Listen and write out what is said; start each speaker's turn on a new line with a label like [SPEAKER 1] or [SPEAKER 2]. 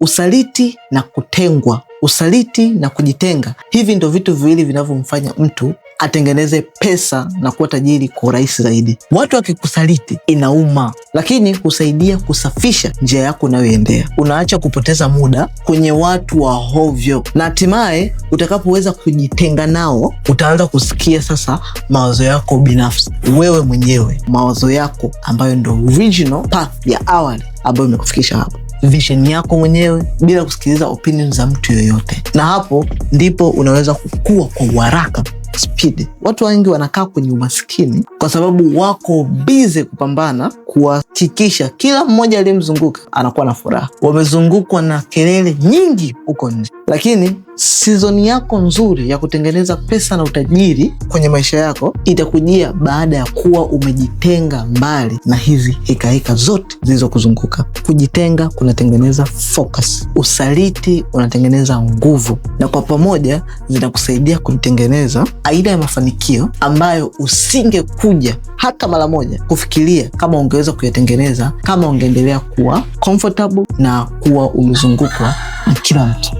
[SPEAKER 1] Usaliti na kutengwa, usaliti na kujitenga, hivi ndo vitu viwili vinavyomfanya mtu atengeneze pesa na kuwa tajiri kwa urahisi zaidi. Watu wakikusaliti inauma, lakini husaidia kusafisha njia yako unayoendea. Unaacha kupoteza muda kwenye watu wa hovyo, na hatimaye utakapoweza kujitenga nao, utaanza kusikia sasa mawazo yako binafsi, wewe mwenyewe, mawazo yako ambayo ndo original path ya awali ambayo imekufikisha hapo vision yako mwenyewe bila kusikiliza opinion za mtu yoyote, na hapo ndipo unaweza kukua kwa uharaka Speed. Watu wengi wanakaa kwenye umaskini kwa sababu wako bize kupambana kuhakikisha kila mmoja aliyemzunguka anakuwa na furaha. Wamezungukwa na kelele nyingi huko nje, lakini sizoni yako nzuri ya kutengeneza pesa na utajiri kwenye maisha yako itakujia baada ya kuwa umejitenga mbali na hizi hekaheka zote zilizokuzunguka. Kujitenga kunatengeneza focus, usaliti unatengeneza nguvu, na kwa pamoja zinakusaidia kutengeneza aina ya mafanikio ambayo usingekuja hata mara moja kufikiria kama ungeweza kuyatengeneza kama ungeendelea kuwa comfortable na kuwa umezungukwa na kila mtu.